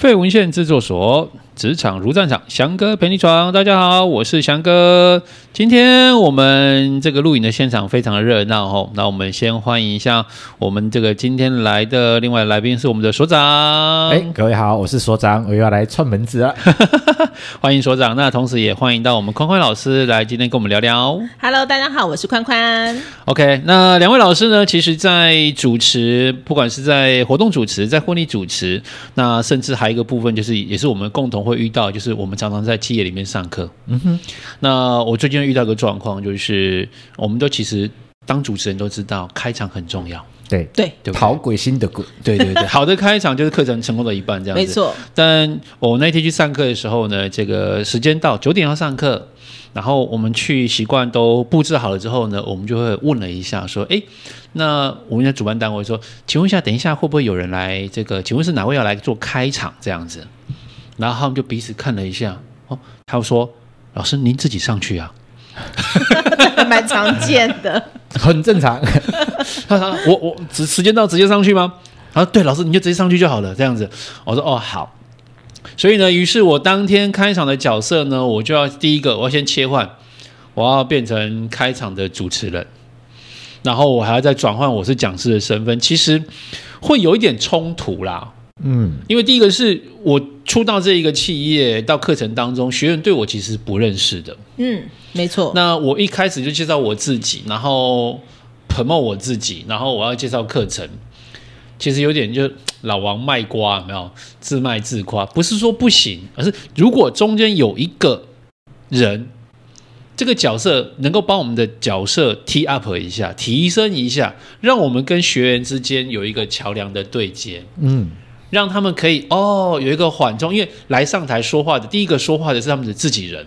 廢文獻製作所。職場如戰場，祥哥陪你闖。大家好，我是祥哥。今天我們這個錄影的現場非常的熱鬧哦，那我們先歡迎一下我們這個今天來的另外來賓是我們的所長。哎、欸，各位好，我是所長，我又要來串門子了。 歡迎所長，那同時也歡迎到我們寬寬老師來今天跟我們聊聊。Hello，大家好，我是寬寬。OK，那兩位老師呢，其實，在主持，不管是在活動主持，在婚禮主持，那甚至還有一個部分就是，也是我們共同。會遇到就是我們常常在企業裡面上課，嗯哼。那我最近遇到一個狀況，就是我們都其實當主持人都知道開場很重要，對對對，討鬼心的鬼，對，對對對，好的開場就是課程成功的一半這樣子。沒錯。但我那天去上課的時候呢，這個時間到九點要上課，然後我們去習慣都布置好了之後呢，我們就會問了一下說，哎，那我們的主辦單位說，請問一下，等一下會不會有人來這個？請問是哪位要來做開場這樣子？然後他們就彼此看了一下，哦，他們說：“老師，您自己上去啊。 ”蠻常見的，很正常。 他說：“我我時時間到直接上去嗎？”他說：“對，老師你就直接上去就好了。”這樣子，我說：“哦，好。”所以呢，於是我當天開場的角色呢，我就要第一個，我要先切換，我要變成開場的主持人，然後我還要再轉換我是講師的身份，其實會有一點衝突啦。嗯，因為第一個是我初到這一個企業到課程當中，學員對我其實不認識的。嗯，沒錯。那我一開始就介紹我自己，然後 promote 我自己，然後我要介紹課程，其實有點就老王賣瓜，有沒有自賣自誇，不是說不行，而是如果中間有一個人，這個角色能夠幫我們的角色 tee up 一下，提升一下，讓我們跟學員之間有一個橋樑的對接。嗯。讓他們可以哦有一個緩衝，因為來上台說話的，第一個說話的是他們的自己人，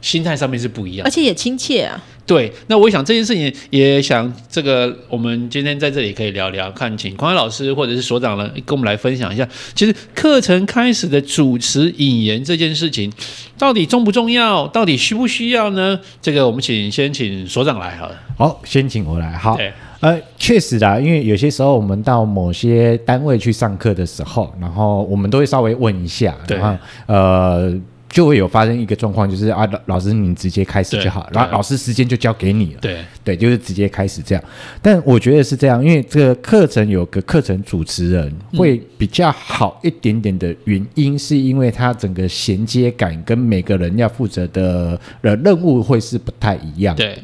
心態上面是不一樣的，而且也親切啊。對，那我想這件事情也想這個，我們今天在這裡可以聊聊，看請寬寬老師或者是所長呢跟我們來分享一下。其實課程開始的主持引言這件事情，到底重不重要？到底需不需要呢？這個我們請，先請所長來好了。好、哦，先請我來好。呃，確實啦。因為有些時候我們到某些單位去上課的時候，然後我們都會稍微問一下，然後呃，就會有發生一個狀況，就是啊，老師你直接開始就好，然後老師時間就交給你了，對，對，就是直接開始這樣。但我覺得是這樣，因為這個課程有個課程主持人會比較好一點點的原因，是因為他整個銜接感跟每個人要負責的的任務會是不太一樣的，對。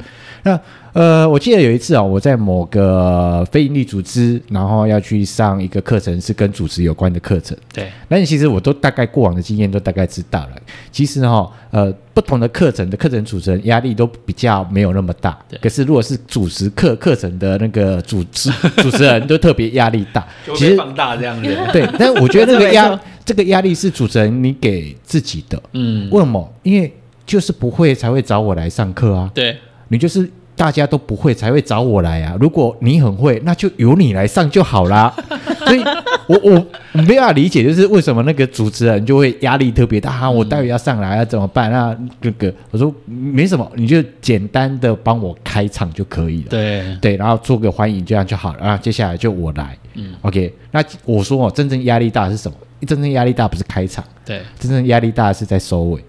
那呃，我記得有一次啊、哦，我在某個非營利組織，然後要去上一個課程，是跟主持有關的課程。對，那你其實我都大概過往的經驗都大概知道了。其實哈、哦，呃，不同的課程的課程主持人壓力都比較沒有那麼大。可是如果是主持課課程的那個主持 主持人，都特別壓力大。其實放大這樣子。 對。但我覺得那個壓 這個壓力是主持人你給自己的。嗯。為什麼？因為就是不會才會找我來上課啊。對。你就是。大家都不會才會找我來啊。如果你很會，那就由你來上就好啦。 所以我，我我沒有辦法理解，就是為什麼那個主持人就會壓力特別大，嗯，我待會要上來啊，怎麼辦？那哥、那、哥、個，我說沒什麼，你就簡單的幫我開場就可以了。對對，然後做個歡迎，這樣就好了。然後接下來就我來。嗯，OK。那我說哦，真正壓力大是什麼？真正壓力大不是開場，對，真正壓力大是在收尾，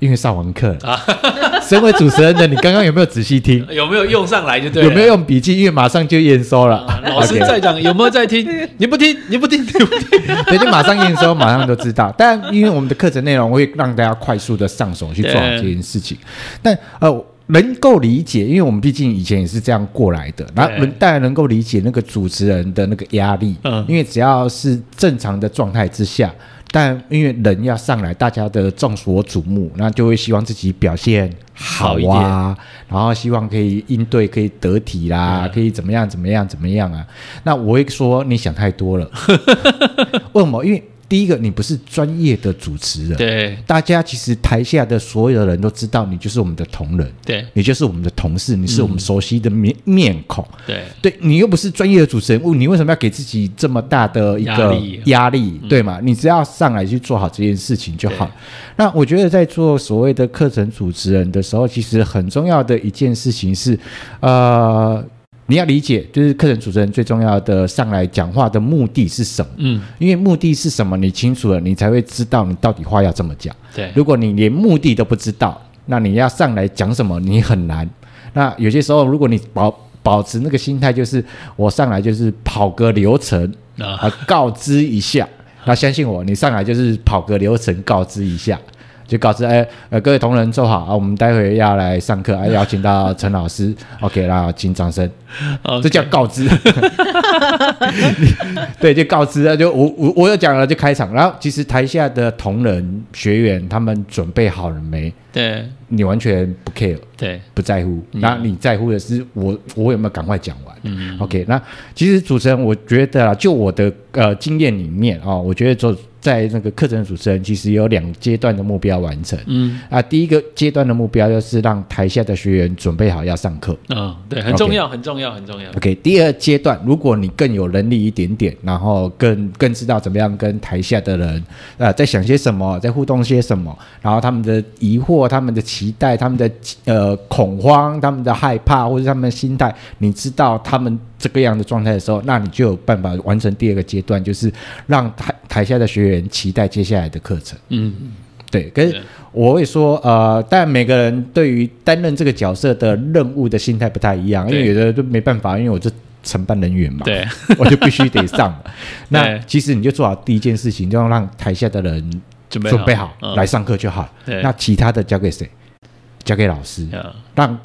因為上完課。啊 身為主持人的你，剛剛有沒有仔細聽？ 有沒有用上來就對了？有沒有用筆記？因為馬上就驗收了。嗯。老師在講， 有沒有在聽？你不聽，你不聽，你不聽，人 家馬上驗收，馬上都知道。但因為我們的課程內容會讓大家快速的上手去做好這件事情。但呃，能夠理解，因為我們畢竟以前也是這樣過來的，然後當然能大家能夠理解那個主持人的那個壓力，嗯，因為只要是正常的狀態之下。但因為人要上來，大家的眾所矚目，那就會希望自己表現好啊好，然後希望可以應對，可以得體啦，嗯、可以怎麼樣怎麼樣怎麼樣啊？那我會說你想太多了， 為什麼？因為。第一個，你不是專業的主持人，對，大家其實台下的所有的人都知道，你就是我們的同仁，對，你就是我們的同事，你是我們熟悉的面、嗯、面孔，對，對，你又不是專業的主持人，你為什麼要給自己這麼大的一個壓力，對嘛？你只要上來去做好這件事情就好。那我覺得在做所謂的課程主持人的時候，其實很重要的一件事情是，呃。你要理解，就是課程主持人最重要的上來講話的目的是什麼？嗯，因為目的是什麼，你清楚了，你才會知道你到底話要怎麼講。對，如果你連目的都不知道，那你要上來講什麼，你很難。那有些時候，如果你保保持那個心態，就是我上來就是跑個流程啊，告知一下。那相信我，你上來就是跑個流程，告知一下。就告知，哎，呃，各位同仁坐好啊，我們待會要來上課、啊、邀請到陳老師 ，OK 啦、啊，請掌聲，okay. 這叫告知。 對，就告知就我我我又講了，就開場。然後，其實台下的同仁學員，他們準備好了沒？對，你完全不 care，對，不在乎。那、嗯、你在乎的是我，我有沒有趕快講完？嗯，嗯，嗯，OK。那其實主持人我我、呃哦，我覺得啊，就我的呃經驗裡面啊，我覺得做在那個課程主持人，其實有兩階段的目標完成。嗯啊，第一個階段的目標就是讓台下的學員準備好要上課。嗯、哦，對，很重要，okay. 很重要，很重要。OK。第二階段，如果你更有能力一點點，然後更更知道怎麼樣跟台下的人啊、呃、在想些什麼，在互動些什麼，然後他們的疑惑。他們的期待，他們的呃恐慌，他們的害怕，或者他們的心態，你知道他們這個樣的狀態的時候，那你就有辦法完成第二個階段，就是讓台台下的學員期待接下來的課程。嗯，對。可是我會說，呃，但每個人對於擔任這個角色的任務的心態不太一樣，因為有的就沒辦法，因為我是承辦人員嘛，對， 我就必須得上。那其實你就做好第一件事情，就要讓台下的人。準備好、嗯、準備好來上課就好，嗯。那其他的交給誰？交給老師。讓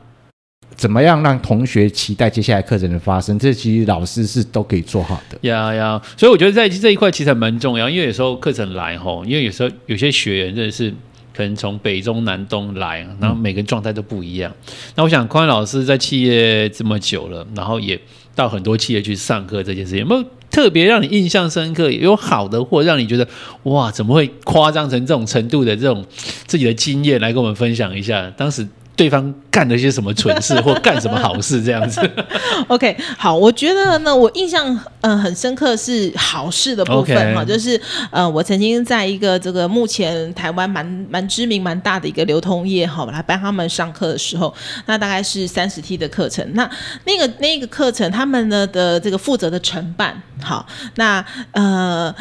怎麼樣讓同學期待接下來課程的發生？這其實老師是都可以做好的。呀呀，所以我覺得在這一塊其實還蠻重要，因為有時候課程來吼，因為有時候有些學員真的是可能從北中南東來，然後每個人狀態都不一樣。嗯、那我想，寬老師在企業這麼久了，然後也到很多企業去上課這件事情，有沒有。特別讓你印象深刻，有好的或讓你覺得哇，怎麼會誇張成這種程度的這種自己的經驗來跟我們分享一下，當時。對方幹了一些什麼蠢事，或幹什麼好事， 這樣子。OK，好，我覺得呢，我印象嗯、呃、很深刻是好事的部分哈、okay. 啊，就是嗯、呃，我曾經在一個這個目前台灣蠻蠻知名蠻大的一個流通業哈，來幫他們上課的時候，那大概是三十 T 的課程，那那個那個課程他們呢的這個負責的承辦好，那呃。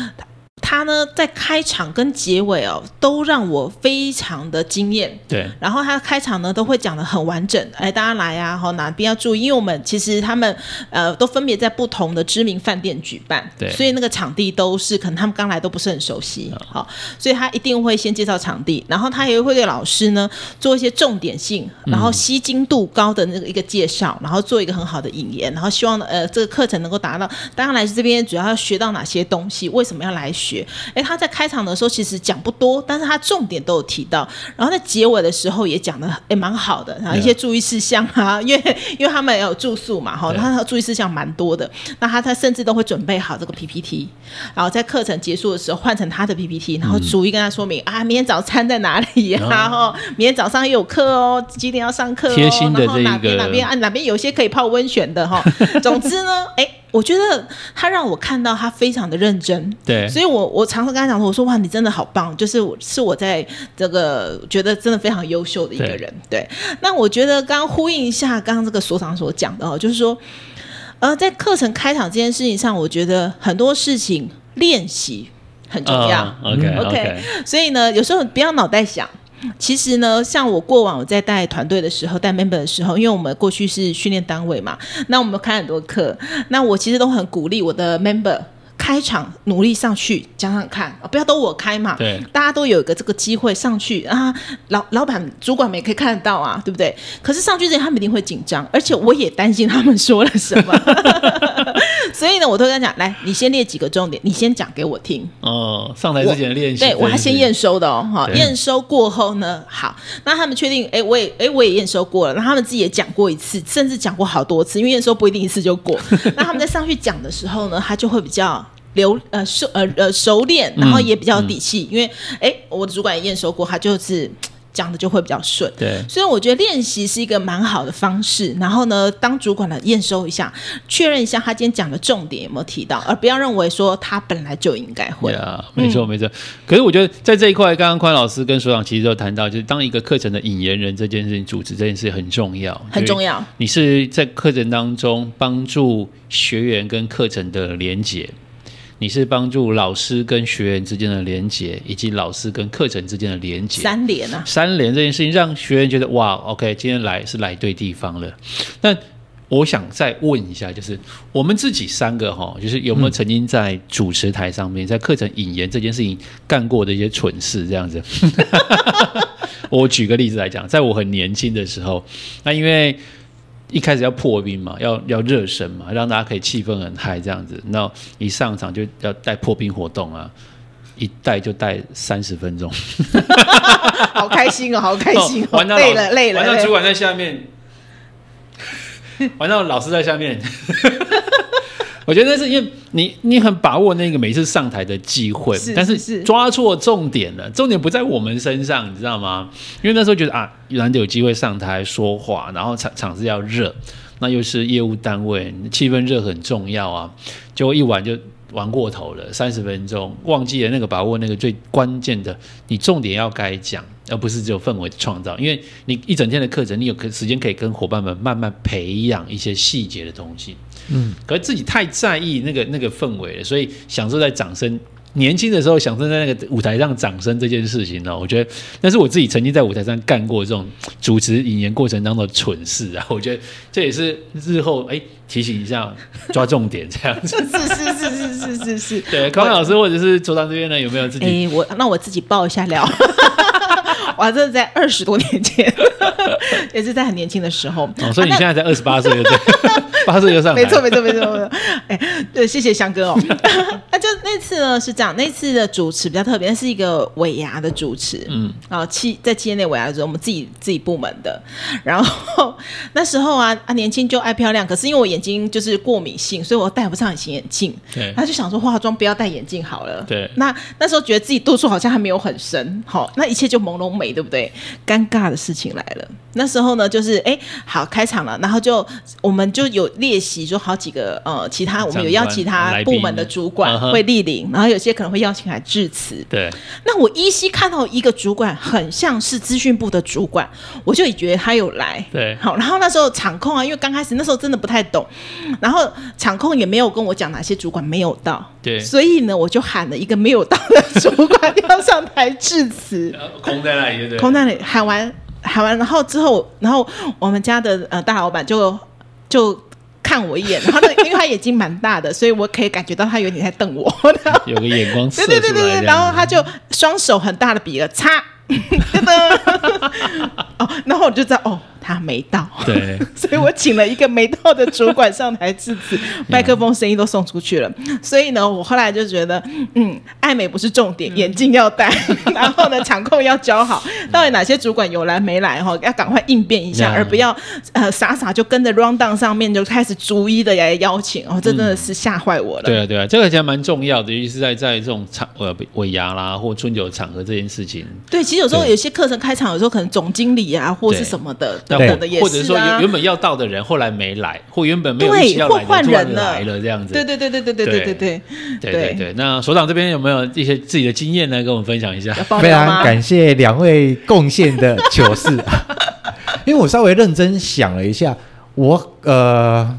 他呢，在開場跟結尾哦，都讓我非常的驚豔。對，然後他開場呢，都會講的很完整。哎，大家來啊，好，哪邊要注意？因為我們其實他們呃，都分別在不同的知名飯店舉辦，對，所以那個場地都是可能他們剛來都不是很熟悉，好、哦哦，所以他一定會先介紹場地，然後他也會對老師呢做一些重點性，然後吸睛度高的那個一個介紹，然後做一個很好的引言，然後希望呃這個課程能夠達到大家來這邊主要要學到哪些東西，為什麼要來學。哎，他在開場的時候其實講不多，但是他重點都有提到。然後在結尾的時候也講的也蠻好的，然後一些注意事項啊，yeah. 因為因為他們也有住宿嘛，哈、yeah.，他注意事項蠻多的。那他他甚至都會準備好這個 PPT，然後在課程結束的時候換成他的 PPT，然後逐一跟他說明、嗯、啊，明天早餐在哪裡啊？然、oh. 明天早上也有課哦，幾點要上課、哦？貼心的、這個、然後哪邊哪邊啊？哪邊有些可以泡溫泉的哈、哦？ 總之呢，哎。我覺得他讓我看到他非常的認真，對，所以我我常常跟他講說，我說哇，你真的好棒，就是我是我在這個覺得真的非常優秀的一個人，對，對。那我覺得剛剛呼應一下剛剛這個所長所講的哦，就是說，呃，在課程開場這件事情上，我覺得很多事情練習很重要，哦，嗯，OK OK，okay。所以呢，有時候不要腦袋想。其實呢，像我過往我在帶團隊的時候，帶 member 的時候，因為我們過去是訓練單位嘛，那我們開很多課，那我其實都很鼓勵我的 member。開場努力上去講講看啊，哦，不要都我開嘛，對，大家都有一個這個機會上去啊，老老闆主管們也可以看得到啊，對不對？可是上去之前他們一定會緊張，而且我也擔心他們說了什麼， 所以呢，我都在講，來，你先列幾個重點，你先講給我聽。哦，上台之前練習，我對，對我還先驗收的哦，哈，驗收過後呢，好，那他們確定，哎，我也，哎，我也驗收過了，那他們自己也講過一次，甚至講過好多次，因為驗收不一定一次就過。 那他們在上去講的時候呢，他就會比較。留呃熟呃呃熟練，然後也比較有底氣，嗯嗯、因為哎，我的主管也驗收過，他就是講的就會比較順。對，所以我覺得練習是一個蠻好的方式，然後呢，當主管來驗收一下，確認一下他今天講的重點有沒有提到，而不要認為說他本來就應該會。對啊，沒錯沒錯、嗯。可是我覺得在這一塊，剛剛寬老師跟所長其實都談到，就是當一個課程的引言人這件事情，組織這件事情很重要，很重要。你是在課程當中幫助學員跟課程的連結。你是幫助老師跟學員之間的連接，以及老師跟課程之間的連接。三連啊！三連這件事情，讓學員覺得哇，OK，今天來是來對地方了。那我想再問一下，就是我們自己三個哈，就是有沒有曾經在主持台上面，嗯、在課程引言這件事情幹過的一些蠢事？這樣子， 我舉個例子來講，在我很年輕的時候，那因為。一開始要破冰嘛，要要熱身嘛，讓大家可以氣氛很嗨這樣子。然後一上場就要帶破冰活動啊，一帶就帶三十分鐘， 好開心哦，好開心哦，哦、玩到累了、累了。玩到主管在下面，玩到老師在下面。 我覺得是因為你，你很把握那個每次上台的機會，是是是，但是抓錯重點了。重點不在我們身上，你知道嗎？因為那時候覺得啊，難得有機會上台說話，然後場場子要熱，那又是業務單位，氣氛熱很重要啊。結果一玩就玩過頭了，三十分鐘忘記了那個把握那個最關鍵的，你重點要該講，而不是只有氛圍的創造。因為你一整天的課程，你有可時間可以跟夥伴們慢慢培養一些細節的東西。嗯，可是自己太在意那個那個氛圍了，所以享受在掌聲。年輕的時候享受在那個舞台上掌聲這件事情呢、哦，我覺得但是我自己曾經在舞台上幹過這種主持引言過程當中的蠢事。啊，我覺得這也是日後哎、欸、提醒一下抓重點這樣子。 是是是是是是是。 對，寬寬老師或者是所長這邊呢，有沒有自己？哎，我那我自己爆一下料。 哇、啊！真的在二十多年前， 也是在很年輕的時候。哦，所以你現在才二十八歲，就八歲就上。沒錯，沒錯，沒錯，沒錯。哎，對，謝謝祥哥哦。那、 啊、就那次呢是這樣，那次的主持比較特別，是一個尾牙的主持。嗯啊，啊，七，在七天內尾牙的時候，我們自己自己部門的。然後那時候啊，啊年輕就愛漂亮，可是因為我眼睛就是過敏性，所以我戴不上隱形眼鏡。對，他就想說化妝不要戴眼鏡好了。對那，那那時候覺得自己度數好像還沒有很深，好，那一切就朦朧美。對不對？尷尬的事情來了。那時候呢，就是哎，好開場了，然後就我們就有列席，就好幾個呃，其他我們有邀其他部門的主管會蒞臨，Uh-huh. 然後有些可能會邀請來致辭。對，那我依稀看到一個主管很像是資訊部的主管，我就也覺得他有來。對，好，然後那時候場控啊，因為剛開始那時候真的不太懂，然後場控也沒有跟我講哪些主管沒有到，對，所以呢，我就喊了一個沒有到的主管要上台致辭， 空在那裡。 空那裡喊完，喊完，然後之後，然後我們家的呃大老闆就就看我一眼，然後呢， 因為他眼睛蠻大的，所以我可以感覺到他有點在瞪我，有個眼光射出來 對，對對對，然後他就雙手很大的比個叉，叉叉 哦，然後我就知道哦。啊，沒到，對， 所以我請了一個沒到的主管上台致辭，麥 克風聲音都送出去了、嗯。所以呢，我後來就覺得，嗯，愛美不是重點，嗯、眼鏡要戴，然後呢， 場控要教好，到底哪些主管有來沒來？哈、哦，要趕快應變一下，嗯、而不要呃傻傻就跟着 run down 上面就開始逐一的來邀請。哦，這真的是嚇壞我了、嗯。對啊，對啊，這個其實蠻重要的，尤其是在在這種場呃尾牙啦，或春酒場合這件事情。對，其實有時候有些課程開場，有時候可能總經理啊，或是什麼的。對對對，或者說原原本要到的人後來沒來，或原本沒有一起要來的人突然來了，這樣子。對對對對對對對對，對對對對對對，對對對。那所長這邊有沒有一些自己的經驗呢？跟我們分享一下。非常感謝兩位貢獻的糗事、啊， 因為我稍微認真想了一下，我呃，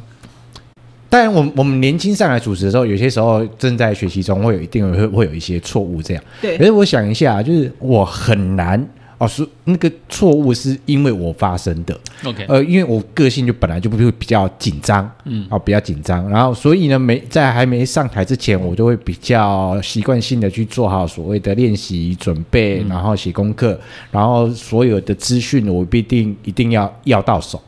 當然我我們年輕上來主持的時候，有些時候正在學習中，會有一定會會有一些錯誤這樣。對。可是我想一下，就是我很難。哦，是那個錯誤是因為我發生的。OK，呃，因為我個性就本來就比較比較緊張，嗯，啊、哦，比較緊張。然後所以呢，沒在還沒上台之前，嗯、我就會比較習慣性的去做好所謂的練習準備，嗯、然後寫功課，然後所有的資訊我必定一定要要到手。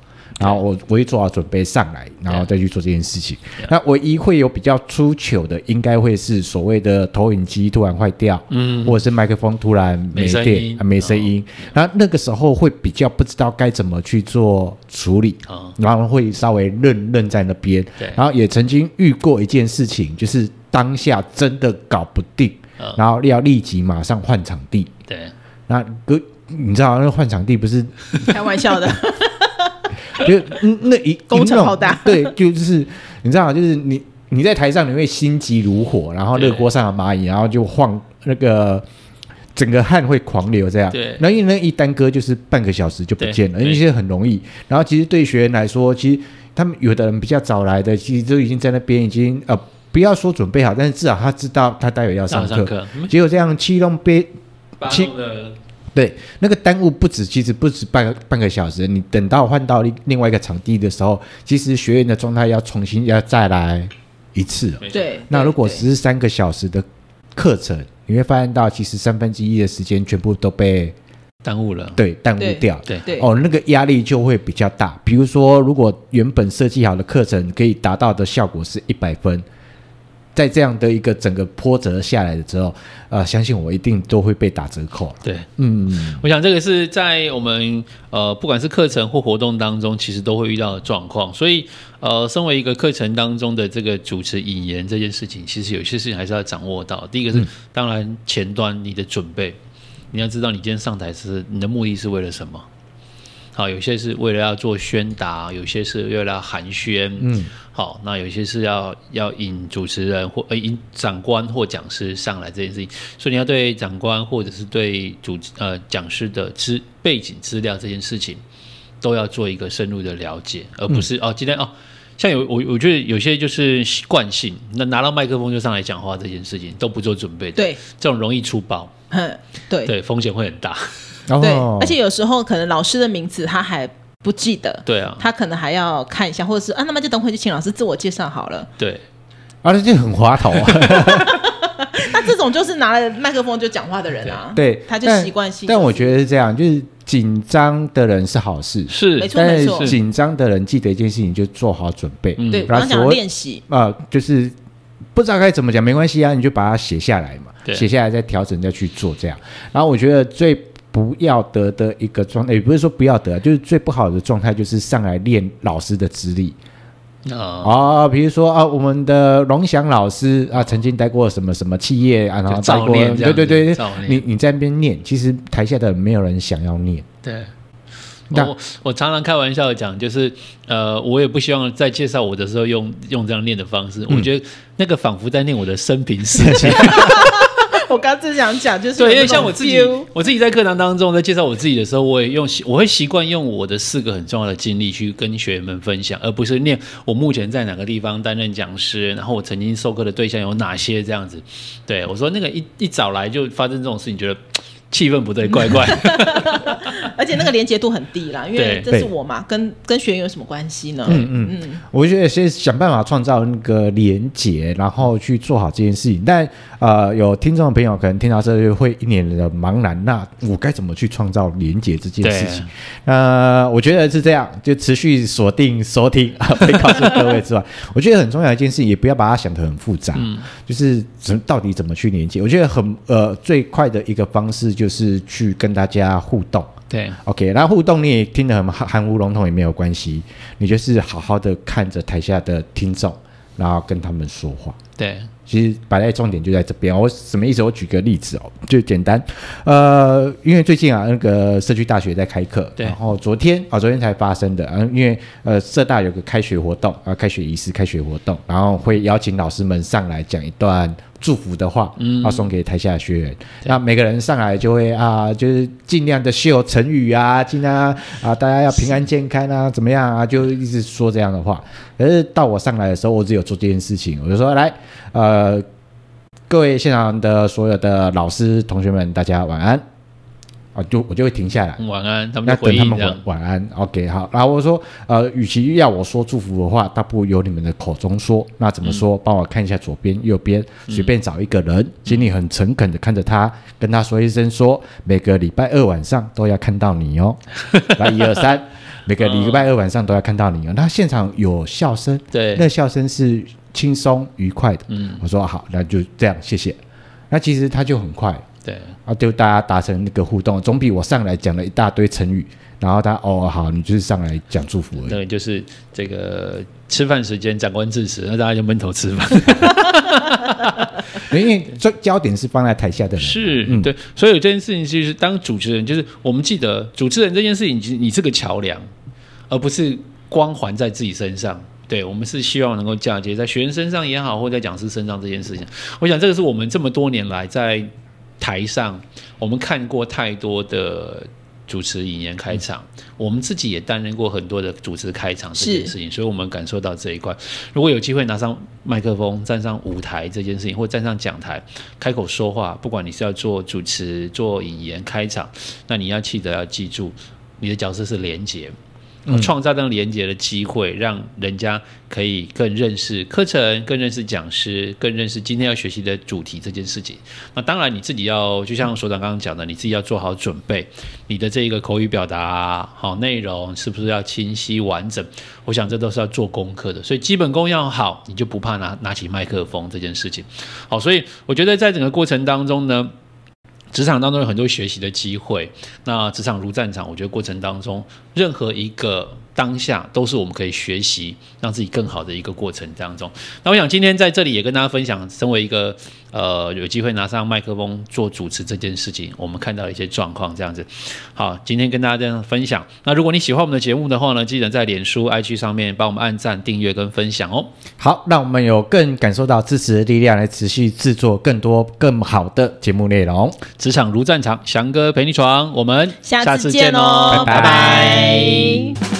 然後我我做好準備上來，然後再去做這件事情。Yeah, yeah, 那唯一會有比較出糗的，應該會是所謂的投影機突然壞掉，嗯，或者是麥克風突然沒電，沒聲音。啊沒聲音哦、然後那個時候會比較不知道該怎麼去做處理，哦、然後會稍微愣愣在那邊對。然後也曾經遇過一件事情，就是當下真的搞不定，哦、然後要立即馬上換場地。對，那哥，你知道那個換場地不是開玩笑的。 就那一工程好大，對，就是你知道，就是你你在台上你會心急如火，然後熱鍋上的螞蟻，然後就晃那個整個汗會狂流這樣。對，那因為那一耽擱，就是半個小時就不見了，因而且很容易。然後其實對學員來說，其實他們有的人比較早來的，其實都已經在那邊已經呃不要說準備好，但是至少他知道他待會要上課、嗯。結果這樣七龍憋七八對，那個耽誤不止，其實不止半個半個小時。你等到換到另另外一個場地的時候，其實學員的狀態要重新要再來一次。對，那如果十三個小時的課程，你會發現到其實三分之一的時間全部都被耽誤了。對，耽誤掉。對對，對。哦，那個壓力就會比較大。比如說，如果原本設計好的課程可以達到的效果是一百分。在這樣的一個整個波折下來的時候，呃，相信我一定都會被打折扣。對，嗯，我想這個是在我們呃，不管是課程或活動當中，其實都會遇到的狀況。所以，呃，身為一個課程當中的這個主持引言這件事情，其實有些事情還是要掌握到。第一個是，嗯，當然前端你的準備，你要知道你今天上台是你的目的是為了什麼？好，有些是為了要做宣達，有些是為了要寒暄。嗯，好，那有些是要要引主持人或引長官或講師上來這件事情，所以你要對長官或者是對主呃講師的資背景資料這件事情，都要做一個深入的了解，而不是、嗯、哦今天哦像有我我覺得有些就是習慣性，那拿到麥克風就上來講話這件事情都不做準備的，對，這種容易出包，嗯，對對，風險會很大。Oh、對，而且有時候可能老師的名字他還不記得，對啊，他可能還要看一下，或者是啊，那麼就等會就請老師自我介紹好了。對，而、啊、且就很滑頭啊。那 這種就是拿了麥克風就講話的人啊，對，他就習慣性、就是但。但我覺得是這樣，就是緊張的人是好事，是但沒錯，沒錯，是緊張的人記得一件事情，就做好準備，嗯、對我要練習啊、呃，就是不知道該怎麼講沒關係啊，你就把它寫下來嘛，寫下來再調整再去做這樣。然後我覺得最。不要得的一個狀態，也不是說不要得，就是最不好的狀態，就是上來念老師的資歷、oh. 哦、比如說啊、哦，我們的龍祥老師啊，曾經待過什麼什麼企業啊，然後待過，對對對，你你在那邊念，其實台下的沒有人想要念。對，oh, 我我常常開玩笑講，就是呃，我也不希望在介紹我的時候用用這樣念的方式，嗯、我覺得那個仿佛在念我的生平事蹟。 我剛正想講，就是因為像我自己，我自己在課堂當中在介紹我自己的時候，我也用習，我會習慣用我的四個很重要的經歷去跟學員們分享，而不是念我目前在哪個地方擔任講師，然後我曾經授課的對象有哪些這樣子。對我說那個一一早來就發生這種事情，覺得。氣氛不對，怪怪。 而且那個連結度很低啦、嗯，因為這是我嘛，跟跟學員有什麼關係呢？嗯嗯嗯。我覺得先想辦法創造那個連結，然後去做好這件事情。但呃，有聽眾朋友可能聽到這就會一臉的茫然，那我該怎麼去創造連結這件事情？呃，我覺得是這樣，就持續鎖定鎖定，啊，告訴各位之外， 我覺得很重要的一件事情，也不要把它想得很複雜，嗯、就是怎到底怎麼去連結，我覺得很呃，最快的一個方式就。就是去跟大家互動，對，OK，然後互動你也聽得很含含糊籠統也沒有關係，你就是好好的看着台下的聽眾，然後跟他們說話，對。其實擺在重點就在這邊，哦。我什麼意思？我舉個例子哦，就簡單。呃，因為最近啊，那個社區大學在開課，然後昨天啊，哦，昨天才發生的。嗯，因為呃，社大有個開學活動，啊，開學儀式、開學活動，然後會邀請老師們上來講一段祝福的話，嗯，要送給台下學員。那每個人上來就會啊，就是儘量的秀成語啊，儘量啊，啊，大家要平安健康啊，怎麼樣啊，就一直說這樣的話。可是到我上來的時候，我只有做這件事情，我就說來，呃。呃，各位現場的所有的老師同學們，大家晚安啊！就我就會停下來，嗯、晚安，他們要等他們晚晚安。OK，好，然、啊、後我說，呃，與其要我說祝福的話，倒不如由你們的口中說。那怎麼說？幫、嗯、我看一下左邊、右邊，隨便找一個人，嗯、請你很誠懇的看着他，跟他說一聲：說每個禮拜二晚上都要看到你哦。 來，一二三。每個禮拜二晚上都要看到你，那、嗯、現場有笑聲，對，那個、笑聲是輕鬆愉快的。嗯，我說好，那就這樣，謝謝。那其實他就很快，對，啊，就大家達成那個互動，總比我上來講了一大堆成語，然後他哦好，你就是上來講祝福而已，對，就是這個吃飯時間長官致辭，那大家就悶頭吃飯。 因為焦焦點是放在台下的人是，是、嗯、對，所以這件事情就是當主持人，就是我們記得主持人這件事情，你你是個橋樑，而不是光環在自己身上。對，我們是希望能夠嫁接在學員身上也好，或在講師身上這件事情。我想這個是我們這麼多年來在台上我們看過太多的。主持引言開場，嗯，我們自己也擔任過很多的主持開場這件事情，所以我們感受到這一塊，如果有機會拿上麥克風，站上舞台這件事情，或站上講台開口說話，不管你是要做主持、做引言開場，那你要記得要記住，你的角色是連結。創造那連接的機會，讓人家可以更認識課程，更認識講師，更認識今天要學習的主題這件事情。那當然你自己要，就像所長剛剛講的，你自己要做好準備，你的這一個口語表達好，內容是不是要清晰完整？我想這都是要做功課的，所以基本功要好，你就不怕拿拿起麥克風這件事情。好，所以我覺得在整個過程當中呢。職場當中有很多學習的機會，那職場如戰場，我覺得過程當中任何一個。當下都是我們可以學習，讓自己更好的一個過程當中。那我想今天在這裡也跟大家分享，身為一個呃有機會拿上麥克風做主持這件事情，我們看到一些狀況這樣子。好，今天跟大家這樣分享。那如果你喜歡我們的節目的話呢，記得在臉書、IG 上面幫我們按讚、訂閱跟分享哦。好，讓我們有更感受到支持的力量，來持續製作更多更好的節目內容。職場如戰場，祥哥陪你闖。我們下次見囉，拜拜。